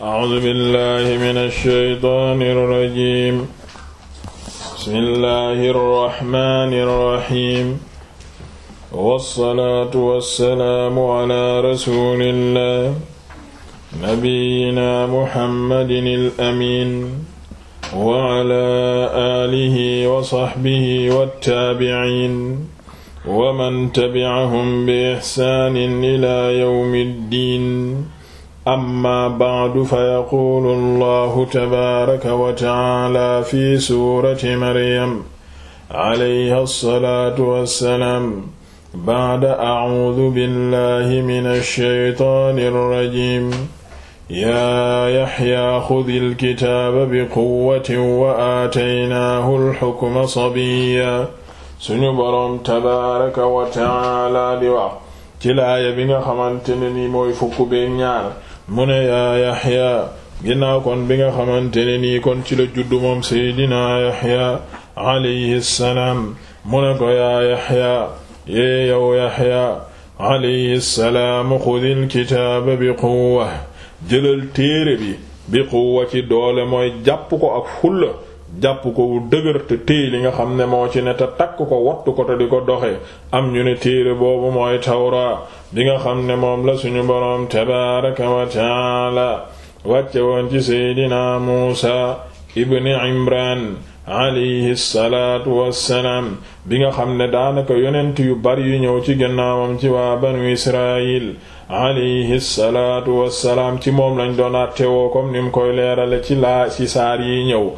أعوذ بالله من الشيطان الرجيم بسم الله الرحمن الرحيم والصلاة والسلام على رسول الله نبينا محمد الأمين وعلى آله وصحبه والتابعين ومن تبعهم بإحسان إلى يوم الدين amma ba'du fa yaquulu allahu tabaaraka wa ta'aala fi suurati maryam alayha salaatu wa salaam ba'da a'uudu billahi mina shaytaani rajiim yaa yaxyaa xudil kitaaba biquwwatin wa aataynaahu alxukma sabiyya suñu boroom tabaaraka wa ta'aala di wax ci laaya bi nga xamante ne ni mooy fukk bee ñaar mu ne yaa yaxya ginnaaw kon bi nga xamante ne nii kon ci la juddu moom seydinaa yaxya alayhi salaam mu ne ko yaa yaxya yee yow yaxya alayhi salaam xudil kitaaba bi quwwa jëlal téere bi bi quwwa ci doole mooy jàpp ko ak fulla jàpp ko wu dëgër te li nga xam ne moo ci ne te takk ko wattu ko te di ko doxe am ñu ne téere boobu mooy tawra bi nga xam ne moom la suñu boroom tabaaraka wa taala wàcce woon ci seydina muusa ibni imran alayhi salaatu wassalaam bi nga xam ne daanaka yonent yu bari yu ñëw ci ginnaawam ci waa banu Israayil alayhi salaatu wassalaam ci moom lañ doon àttewoo comme ni mu koy leerale ci laa ci saar yi ñëw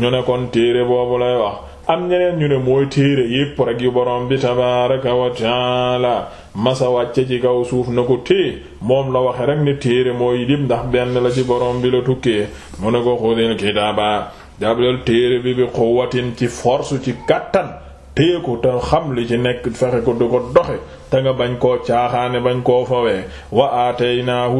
ñu ne kon téere boobu lay wax am ñeneen ñu ne mooy téere yépp rek yu borom bi tabaaraka wa taala masa wàcce ci kaw suuf na ko tée moom la waxe rek ne téere mooy lim ndax benn la ci borom bi la tukkee mu ne ko xudil kitaaba jàppaleel téere bi bi xuwatin ci force ci kàttan téye ko te xam li ci nekk fexe ko du ko doxe te nga bañ koo caaxaane bañ koo fawee wa naa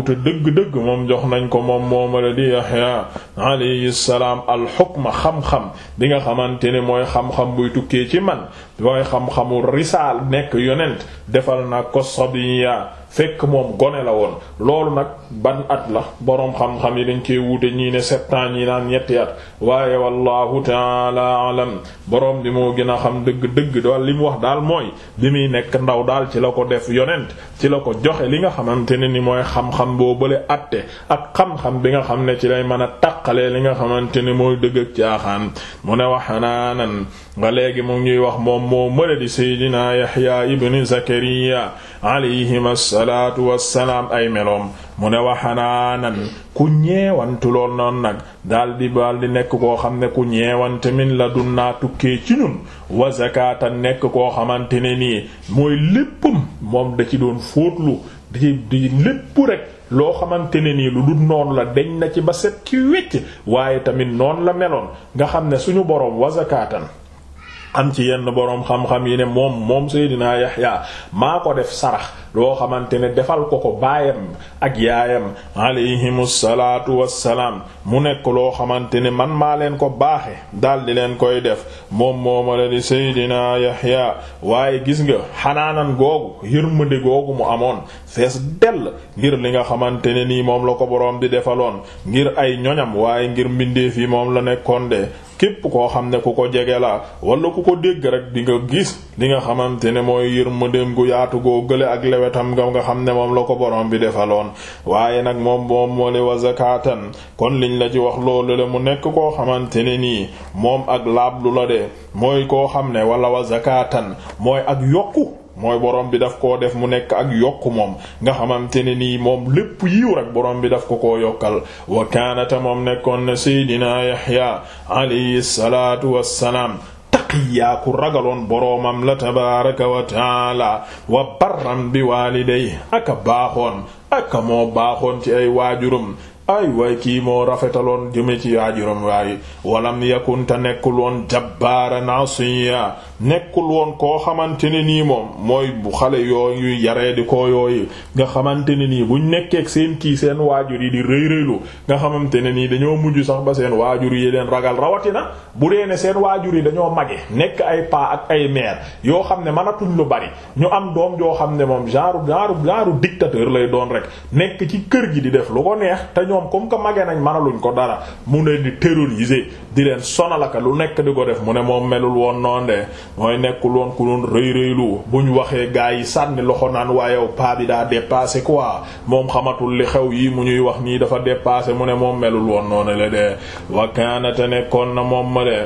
te dëgg-dëgg moom jox nañ ko moom moomala di Yahya alayhi salaam alxukma xam-xam bi nga xamante ne mooy xam-xam buy tukkee ci man mooy xam-xamu risaal nekk yonent defal na ko sabiya fekk moom gone la woon loolu nag ban at la boroom xam-xam yi dañ cee wuute ñii ne sept ans naan ñetti at waaye wallahu taala alam boroom bi moo gën a xam dëgg-dëgg daal li mu wax daal mooy bi muy nekk ndaw daal ci la ko def yonent ci la ko joxe li nga xamante ne ni mooy xam-xam boo bële atte ak xam-xam bi nga xam ne ci lay man a taqalee li nga xamante ne mooy dëgg ak caaxaan mu ne wax waxanaanan nga léegi mu ngi wax moom moo mële di seydinaa Yaxya ibn Zakariya alayhim assalaatu wassalaam ay meloom mu ne waxanaanan ku lool noonu nag daldi daldi nekk koo xam ne ku ñeewante min la dun naa tukkee ci ñun wa nekk koo xamante ne nii mooy léppam moom da ci doon fóotlu di di lépp rek loo xamante ne nii lu du noonu la deñ na ci ba set ci wecc waaye tamit noonu la meloon nga xam ne suñu boroom wa zakatan am ci yenn boroom xam-xam yi ne moom moom Seydina Yaxya maa ko def sarax loo xamante ne defal ko ko baayam ak yaayam alayhimu salaatu wassalaam mu nekk loo xamante ne man maa leen ko baaxe daldi leen koy def moom mooma la di Seydina Yaxya waaye gis nga xanaanan googu yërmande googu mu amoon fees dell ngir li nga xamante ne nii moom la ko boroom di defaloon ngir ay ñoñam waaye ngir mbindeef yi moom la nekkoon de képp koo xam ne ku ko jege la walla ku ko dégg rek di nga gis li nga xamante ne mooy yërmandeem gu yaatu goo gële ak lewetam nga nga xam ne moom la ko borom bi defaloon waaye nag moom moom moole wa zakatan kon liñ la ci wax loolu le mu nekk koo xamante ne nii moom ak laablu la de mooy koo xam ne wala wa zakatan mooy ak yokku mooy borom bi daf koo def mu nekk ak yokk moom nga xamante ne nii moom lépp yiw rek borom bi daf ko ko yokkal wa kaanata moom nekkoon na seydina Yahya alayhi salaatu wassalaam taqiyaa ku ragaloon boroomam la tabaaraka wa wa barram bi waaliday aka baaxoon aka moo baaxoon ci ay waajurum ay waay kii moo rafetaloon jëme ci waajuram waaye walam yakun te nekkul woon jabbaaran asiya nekkul woon koo xamante ne nii moom mooy bu xale yooyu yaree di ko yooyu nga xamante ne nii buñ nekkeek seen kii seen waajur yi di rëy rëylu nga xamante ne nii dañoo mujj sax ba seen waajur yi leen ragal rawatina bu dee ne seen waajur yi dañoo mage nekk ay paa ak ay mère yoo xam ne mënatuñ lu bari ñu am doom joo xam ne moom genre genre genre dictateur lay doon rek nekk ci kër gi di def lu ko neex te ñoo moom comme que magee nañ mënaluñ ko dara mu ne di terroriser di leen sonalaka lu nekk di ko def mu ne moom melul woon noonu de mooy nekkul woon ku doon rëy rëylu buñ waxee gaa yi sànni loxo naan waa yow paa bi daa dépassé quoi moom xamatul li xew yi mu ñuy wax nii dafa dépassé mu ne moom melul woon noonu la de wakaanate nekkoon na moom ma de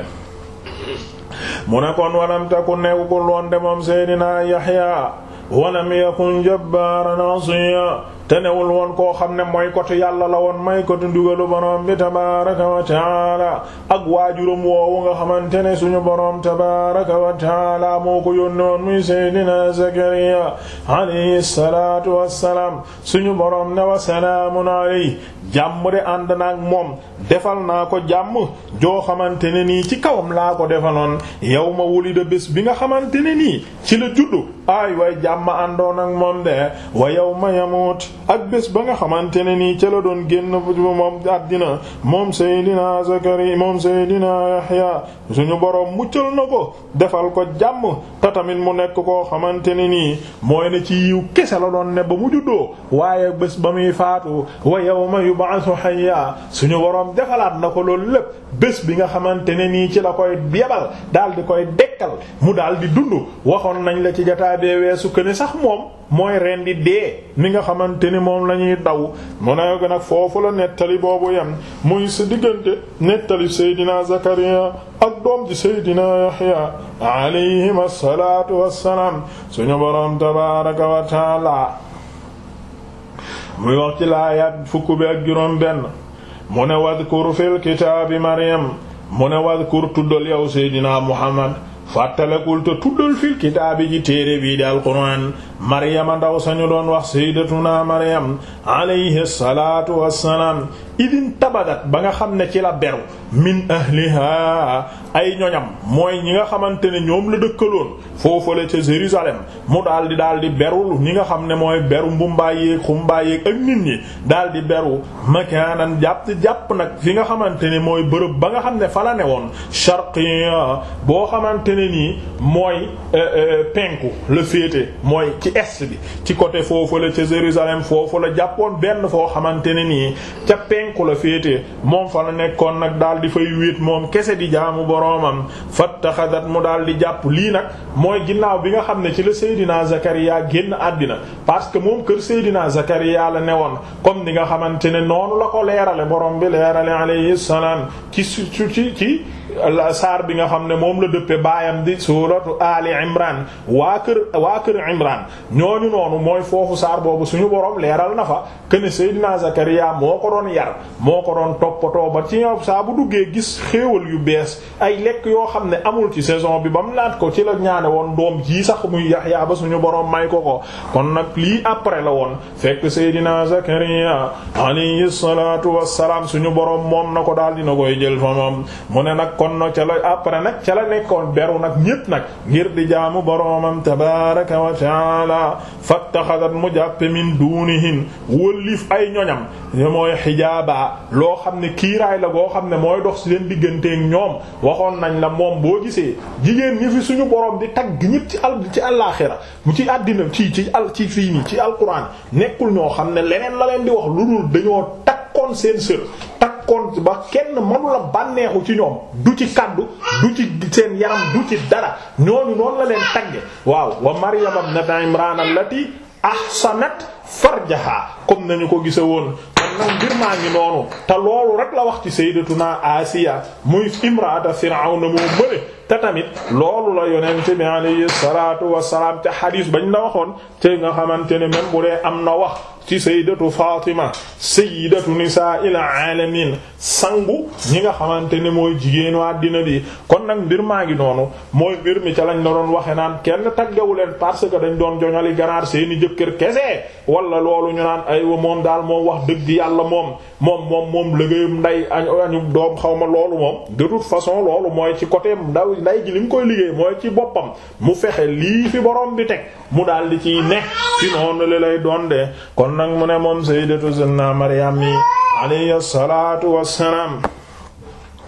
mu ne kon wanamtaku nekkul woon de moom Seydina Yahya walam yakun jabbaaran asiya te newul woon koo xam ne mooy kotu yàlla la woon may kotu ndigalu borom bi tabaraka wa taala ak waajuram woowu nga xamante ne suñu borom tabaraka wa taala moo ko yónni woon muy seydina zakariya alayhi salaatu wassalaam suñu borom ne wa salaamun alayhi jàmm de ànd naak moom defal naa ko jàmm joo xamante ne nii ci kawam laa ko defaloon yow ma wulida bés bi nga xamante ne nii ci la juddu ay way jàmm àndoon ak moom de wa yow yamut ak bés ba nga xamante ne nii ca la doon génn moom àddina moom Seydina Zakari moom Seydina Yahya suñu boroom muccal na ko defal ko jàmm te tamit mu nekk koo xamante ni nii mooy ne ci yiw kese la doon ne ba mu juddoo waaye bés ba muy faatu wa yawma yub'athu hayya suñu boroom defalaat na ko loolu lépp bés bi nga xamante ni nii ci la koy yebal daal di koy dekkal mu daal di dund waxoon nañ la ci jotaay weesu ko ne sax moom mooy ren di dee ni nga xamante ni moom lañuy ñuy daw mu ne ko nag foofu la nettali boobu yem muy sa diggante nettali Seydina Zakariya ak doom ji Seydina Yahya alayhim assalaatu wassalaam suñu boroom tabaaraka wa taala muy wax laayaat fukk bi ak juróom benn mu ne wadkur fil kitaabi Maryam mu ne wadkur tuddal yow Seydina Muhammad fàttalekul te tuddal fil kitaabi ji téere bii di alquran maryama ndaw doon wax sayyidatuna maryam alayhi salaatu wassalaam idin tabadat ba nga xam ne ci la beru min ahliha ay ñoñam mooy ñi nga xamante ne ñoom la dëkkaloon foofale ca Jérusalem mu daal di daal di berul ñi nga xam ne mooy beru mbumbaayéeg xumbaayeeg ak nit ñi daal di beru makaanan jàpp jàpp nag fi nga xamante ne mooy bërëb ba nga xam ne fa la ne woon sharqiya boo xamante ne nii mooy euh, euh, penku la féete mooy ci est bi ci côté foofale ca Jérusalem foofu la jàppoon benn foo xamante ne nii ca penku la féete moom fa la nekkoon nag daal di fay wéet moom kese di jaamu boroomam fattaxadat mu daal di jàpp lii nag mooy ginnaaw bi nga xam ne ci la Seydina Zakaria génn àddina parce que moom kër Seydina Zakaria la newoon comme ni nga xamante ne noonu la ko leerale borom bi leerale alayhi salaam ci ci ci saar bi nga xam ne moom la dëppe baayam di suratu ali imran waa kër waa kër imran ñooñu noonu mooy foofu saar boobu suñu borom leeral na fa kene Seydina Zakariya moo ko doon yar moo ko doon toppatoo ba ci ñoom duggee gis xéewal yu bees ay lekk yoo xam ne amul ci saison bi ba mu laat ko ci la ñaane woon doom jii sax muy Yaxya ba suñu borom may ko ko kon nag lii après la woon fekk Seydina Zakariya alayhi salaatu wassalaam suñu borom moom na ko daal dina koy jël fa moom mu ne nag kon no ca la après nag ca la nekkoon beru nag ñépp nag ngir di jaamu boroomam tabaraka wa taala fattaxadat mu jàppe min duunihim wóllif ay ñoñam mooy xijaaba loo xam ne kiiraay la goo xam ne mooy dox seen digganteek ñoom waxoon nañ la moom boo gisee jigéen ñi fi suñu boroom di tagg ñépp ci al ci àllaaxira mu ci àddina ci ci al ci fii nii ci alquran nekkul ñoo xam ne leneen la leen di wax lu dul dañoo takkoon seen sër takkoon ba kenn mënula bànneexu ci ñoom du ci kàddu du ci seen yaram du ci dara ñooñu noonu la leen tagge waaw wa maryam ibnata imran allati ahsanat farjaha comme nañu ko gise woon kon nag mbir maa ngi noonu te loolu rek la wax ci sayyidatuna Asiya muy imraata Firawna moo mëne te tamit loolu la yonent bi alayhi salatu wasalaam ca xadiis bañ la waxoon te nga xamante ne même am na wax ci sayyidatu Fatima sayyidatu nisaa'il alamin sangu ñi nga xamante ni mooy jigéenu àddina bi kon nag mbir maa ngi noonu mooy mbir mi ca lañ la doon waxe naan kenn taggawu leen parce que dañ doon joñali ganaar seeni jëkkër kese wala loolu ñu naan aywa moom daal moom wax dëgg yàlla moom moom moom moom liggéeyam nday añu doom xaw ma loolu moom de toute façon loolu mooy ci côté ndaw nday ji li mu koy liggéey mooy ci boppam mu fexe lii fi borom bi teg mu daal di ciy ne ci noonu li lay doon de kon nag mu ne moom sayyidatu Maryam yi alayhi salaatu wassalaam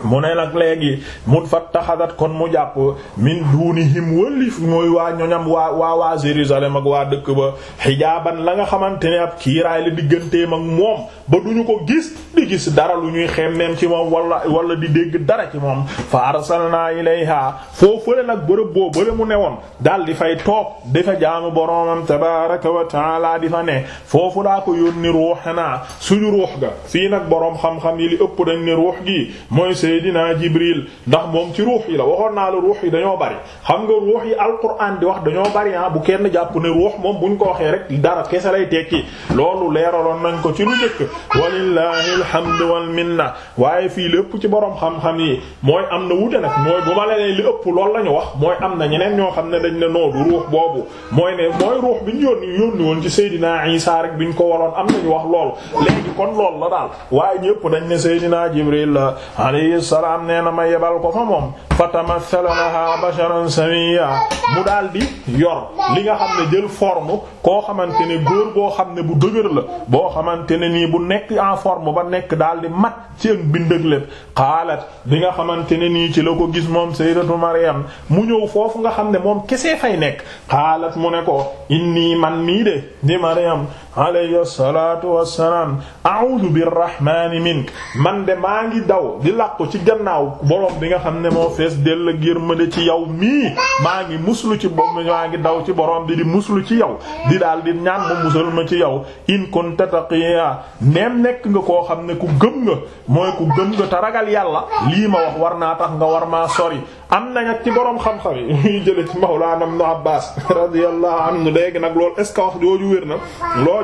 mu ne nag léegi fa fattaxadat kon mu jàpp min duunihim wëllif mooy waa ñoñam waa waa waa Jérusalem ak waa dëkk ba xijaaban la nga xamante ne ab kiiraay la digganteem ak moom ba duñu ko gis di gis dara lu ñuy xemmeem ci moom wala wala di dégg dara ci moom fa arsalna ilayha foo fële nag bërëb boo bële mu ne woon daal di fay toog di fa jaamu boroomam tabaraka wa taala di fa ne foofu daa ko yónni ruuxanaa suñu ruux ga fii nag boroom xam-xam yi li Seydina Jibril ndax moom ci ruux dañoo bari xam nga ruux yi alquran di wax dañoo bari ah bu kenn jàpp ne ruux moom buñ ko waxee rek dara kese lay tekki loolu leeraloon nañ ko ci lu njëkk walillahi alhamdu wal minna waaye fii lépp ci borom xam-xam yi mooy am na wuute nag mooy bu ma leen li ëpp lool la ñu wax mooy am na ñeneen ñoo xam ne dañ ne noo ruux boobu mooy ne mooy ruux bi ñu yónni yónni woon ci Seydina Isa rek bi ko waroon am wax lool la daal ne Seydina salaam nee na ma yebal ko fa moom fa tamathala laha basharan samiyya mu daal di yor li nga xam ne jël form koo xamante ne góor boo xam ne bu dëgër la boo xamante ne nii bu nekk en forme ba nekk daal di mat ci ak mbindëg xaalat bi nga xamante ne nii ci la ko gis moom sayyidatu Maryam mu ñëw foofu nga xam ne moom kese fay nekk xaalat mu ne ko inni man mii de di Maryam alayhi salaatu wassalaam a'uudu birrahmaani mink man de maa ngi daw di làqu ci gannaaw borom bi nga xam ne moo fees dell ak yërmande ci yow mii maa ngi muslu ci bopp maa ngi daw ci borom bi di muslu ci yow di daal di ñaan mu musal ci yow in kunta taqiya neem nekk nga koo xam ne ku gëm nga mooy ku gëm nga te ragal yàlla lii ma wax war naa tax nga war maa sori am na nag ci boroom xam-xam yi ñuy jële ci mawlaana ibn Abbaas radiyallahu anhu léegi nag loolu est-ce wér na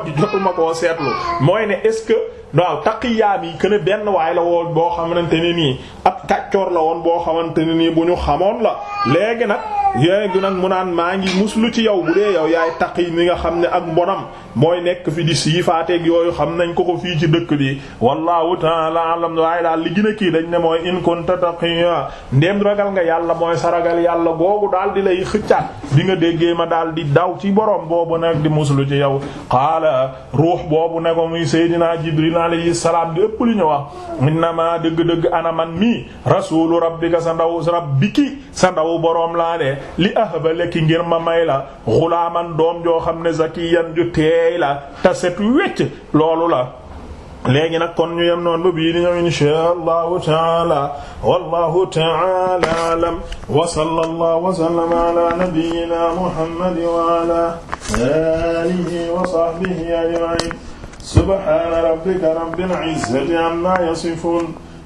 jooju jotuma koo seetlu mooy ne est-ce que waaw taqiyaam yi kën a benn waay la woon boo xamante ni nii ab kàccoor la woon boo xamante ni nii bu ñu xamoon la léegi nag yéegi nag mu naan maa ngi muslu ci yow bu dee yow yaay taqi mi nga xam ne ak mbonam mooy nekk fi di siifaateeg yooyu xam nañ ko ko fii ci dëkk bi wallahu ta'ala alam waaye daal li gën kii dañ ne mooy in kunta taqiya ndéem ragal nga yàlla mooy sa ragal yàlla googu daal di lay xëccaat bi nga déggee ma daal di daw ci boroom boobu nag di muslu ci yow qaala ruux boobu ne ko muy seydinaa jibril alayhi salaam bi ëpp li ñu wax innama dëgg-dëgg ana man mi rasuulu rabbika sa ndaw rabbiki sa ndaw boroom laa li ahaba laki ngir ma may la xulaaman doom joo xam ne zakiyan ju teey la ta set wecc loolu la léegi nag kon ñu yem noonu ba bii di ñëw inshaa allahu taala wallahu taala alam wa sallallahu wa sallama ala nabiyyina muhammad wa ala alihi wa sahbihi ajma'in subhana rabbika rabbil izzati amma yasifun